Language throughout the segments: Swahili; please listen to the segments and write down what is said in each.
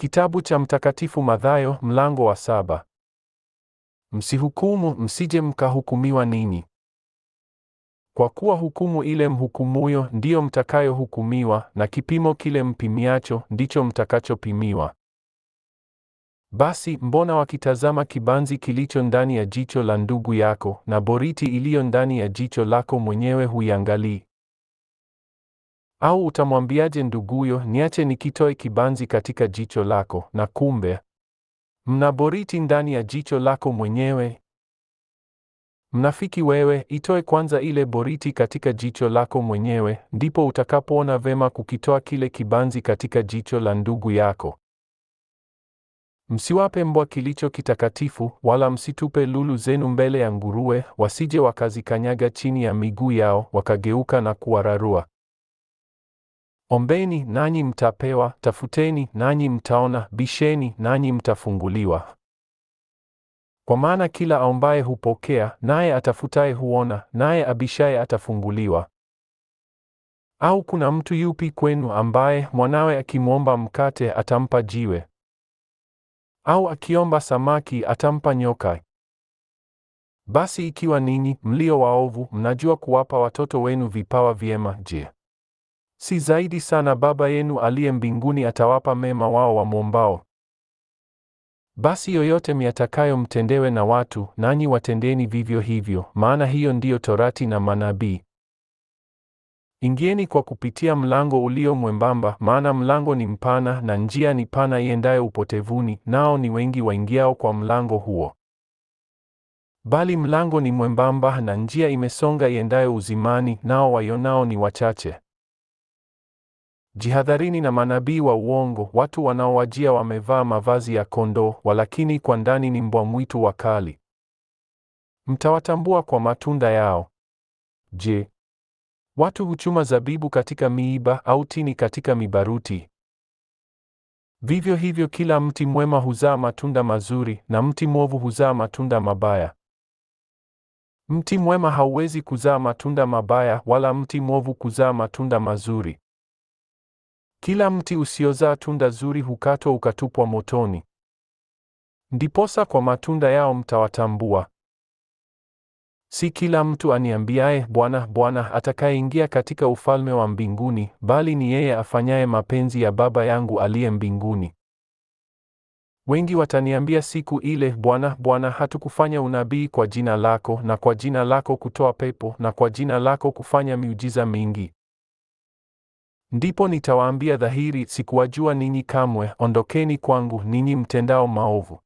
Kitabu cha Mtakatifu Mathayo mlango wa saba. Msihukumu, msije mkahukumiwa ninyi. Kwa kuwa hukumu ile mhukumuyo ndiyo mtakayohukumiwa, na kipimo kile mpimiacho ndicho mtakachopimiwa. Basi mbona wakitazama kibanzi kilicho ndani ya jicho la ndugu yako, na boriti iliyo ndani ya jicho lako mwenyewe huiangalii? Au utamwambiaje nduguyo, niache nikitoe kibanzi katika jicho lako, na kumbe mnaboriti ndani ya jicho lako mwenyewe? Mnafiki wewe, itoe kwanza ile boriti katika jicho lako mwenyewe, ndipo utakapoona vema kukitoa kile kibanzi katika jicho la ndugu yako. Msiwape mbwa kilicho kitakatifu, wala msitupe lulu zenu mbele ya nguruwe, wasije wakazikanyaga chini ya miguu yao, wakageuka na kuwararua. Ombeni nanyi mtapewa, tafuteni nanyi mtaona, bisheni nanyi mtafunguliwa. Kwa maana kila aombaye hupokea, naye atafutaye huona, naye abishaye atafunguliwa. Au kuna mtu yupi kwenu ambaye mwanawe akimwomba mkate atampa jiwe? Au akiomba samaki atampa nyoka? Basi ikiwa ninyi mlio waovu mnajua kuwapa watoto wenu vipawa vyema, je, Si zaidi sana Baba yenu aliye mbinguni atawapa mema wao wamwombao. Basi yoyote myatakayo mtendewe na watu, nanyi watendeni vivyo hivyo, maana hiyo ndiyo Torati na manabii. Ingieni kwa kupitia mlango ulio mwembamba, maana mlango ni mpana na njia ni pana iendayo upotevuni, nao ni wengi waingiao kwa mlango huo. Bali mlango ni mwembamba na njia imesonga iendayo uzimani, nao waionao ni wachache. Jihadharini na manabii wa uongo, watu wanaowajia wamevaa mavazi ya kondoo, walakini kwa ndani ni mbwa mwitu wakali. Mtawatambua kwa matunda yao. Je, watu huchuma zabibu katika miiba au tini katika mibaruti? Vivyo hivyo kila mti mwema huzaa matunda mazuri na mti mwovu huzaa matunda mabaya. Mti mwema hauwezi kuzaa matunda mabaya wala mti mwovu kuzaa matunda mazuri. Kila mti usiozaa tunda zuri hukatwa ukatupwa motoni. Ndiposa kwa matunda yao mtawatambua. Si kila mtu aniambiaye Bwana, Bwana atakayeingia katika ufalme wa mbinguni, bali ni yeye afanyaye mapenzi ya Baba yangu aliye mbinguni. Wengi wataniambia siku ile, Bwana, Bwana, hatukufanya unabii kwa jina lako, na kwa jina lako kutoa pepo, na kwa jina lako kufanya miujiza mingi? Ndipo nitawaambia dhahiri, sikuwajua ninyi kamwe, ondokeni kwangu ninyi mtendao maovu.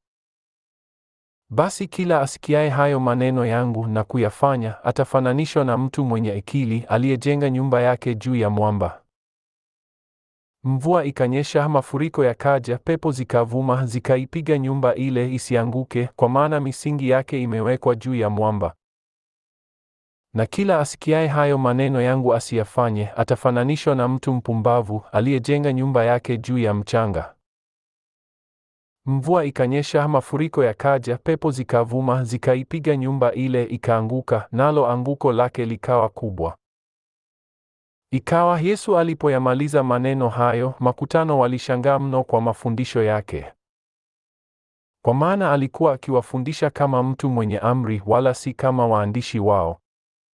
Basi kila asikiaye hayo maneno yangu na kuyafanya atafananishwa na mtu mwenye akili aliyejenga nyumba yake juu ya mwamba. Mvua ikanyesha, mafuriko yakaja, pepo zikavuma, zikaipiga nyumba ile isianguke, kwa maana misingi yake imewekwa juu ya mwamba. Na kila asikiaye hayo maneno yangu asiyafanye, atafananishwa na mtu mpumbavu aliyejenga nyumba yake juu ya mchanga. Mvua ikanyesha, mafuriko yakaja, pepo zikavuma, zikaipiga nyumba ile, ikaanguka, nalo anguko lake likawa kubwa. Ikawa Yesu alipoyamaliza maneno hayo, makutano walishangaa mno kwa mafundisho yake, kwa maana alikuwa akiwafundisha kama mtu mwenye amri, wala si kama waandishi wao.